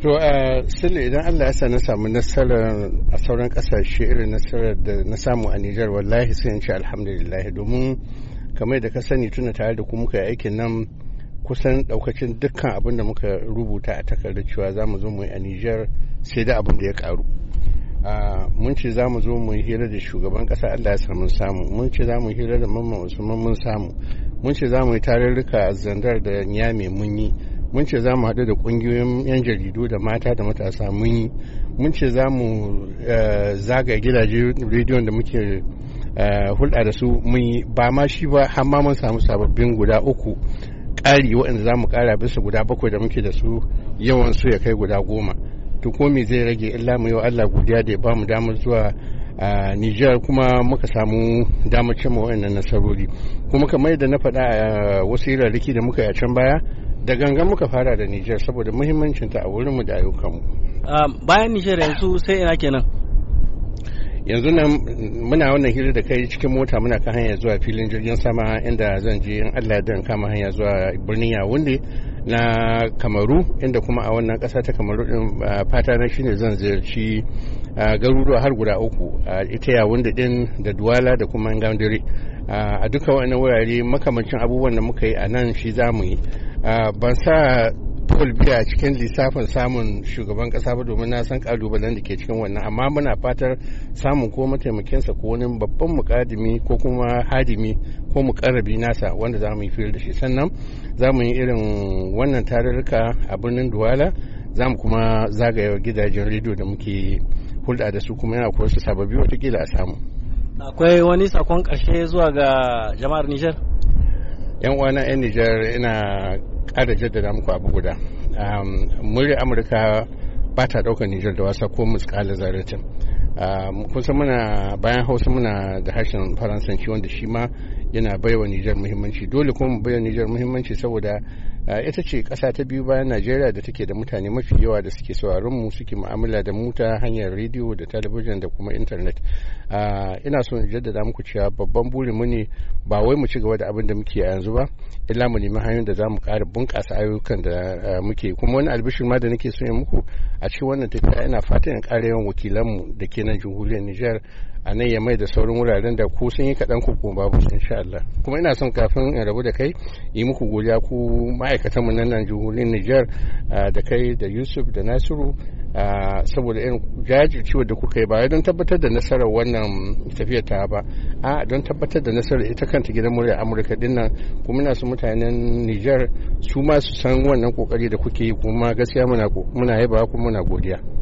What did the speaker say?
To sirri idan Allah ya sa na samu nasarar a sauran kasashe irin nasarar da na samu a Nijar wallahi sai in ce alhamdulillah domin kamar da ka sani tuna tare da ku muka yi aikin nan kusan daukacin dukkan abin da muka rubuta a takardar cewa za mu zo mu yi a Nijar sai da abin da ya karu. mun ce za mu zo mu yi hira da shugaban kasa Allah ya samu samu mun ce za mu yi hira da mamman Usman mun samu mun ce za mu yi tarurruka a zandar da nyame mun yi mun ce za mu haɗu da ƙungiyoyin 'yan jaridu da mata da matasa mun yi mun ce za mu eh, zaga gidaje rediyon da muke eh, hulɗa da su mun yi ba ma shi ba har mun samu sababbin guda uku ƙari waɗanda za mu ƙara bisa guda bakwai da muke da su yawan su ya kai guda goma to ko me zai rage illa mu yau Allah godiya da ya bamu damar zuwa a eh, Nijar kuma muka samu damar cimma waɗannan nasarori kuma kamar da na faɗa a wasu rarraki da muka yi a can baya da gangan muka fara da Nijar saboda muhimmancinta a wurinmu da ayyukanmu. Ah, bayan Niger yanzu sai ina kenan. yanzu nan muna wannan hira da kai cikin mota muna kan hanya zuwa filin jirgin sama inda zan je in Allah dan kama hanya zuwa birnin Yawunde na Kamaru inda kuma a wannan kasa ta Kamaru din ah, fata na shine zan ziyarci ah, garuruwa har guda uku ita Yawunde din da Duwala da kuma dare a duka wannan wurare makamancin abubuwan da muka yi a nan shi zamu yi Ah, ban sa Paul Biya cikin lissafin samun shugaban kasa ba domin na san kalubalen da ke cikin wannan amma muna fatar samun ko mataimakinsa ko wani babban mukadimi ko kuma hadimi ko mukarrabi nasa wanda za mu yi fil da shi sannan za mu yi irin wannan tarurruka a birnin Duwala za mu kuma zagaya gidajen rediyo da muke hulɗa da su kuma yana kuwa su sababbi watakila a samu. Akwai wani sakon ƙarshe zuwa ga jama'ar Nijar? yan uwana yan nijar ina kada jaddada muku abu guda murya amurka ba ta ɗaukar nijar da wasa ko muskalin zaratin kusan muna bayan hausa muna da harshen faransanci wanda shi ma yana baiwa nijar muhimmanci dole kuma mu baiwa nijar muhimmanci saboda Eh, ita ce ƙasa ta biyu bayan najeriya da take da mutane mafi yawa da suke sauraron mu suke mu'amala da mu ta hanyar rediyo da talabijin da kuma intanet eh, ina son jaddada muku cewa babban burin mu ne ba wai mu ci gaba da abin da muke yanzu ba illa mu nemi hanyoyin da za mu ƙara bunƙasa ayyukan da eh, muke kuma wani albishin ma da nake son muku a cikin wannan tafiya ina fatan in ƙara yawan mu da ke nan jamhuriyar nijar a nan ya mai da sauran wuraren da ko sun yi kaɗan ko babu insha Allah kuma ina son kafin in rabu da kai yi muku godiya ku ma'aikata ma'aikatanmu na nan jamhuriyar Nijar eh, da kai da Yusuf da Nasiru eh, saboda irin jajircewa da kuka yi ba don tabbatar da nasarar wannan tafiyar ta ba a don tabbatar da nasarar ita kanta gidan murya amurka din nan kuma na su mutanen Nijar su ma su san wannan kokari da kuke yi kuma gaskiya muna yaba kuma muna godiya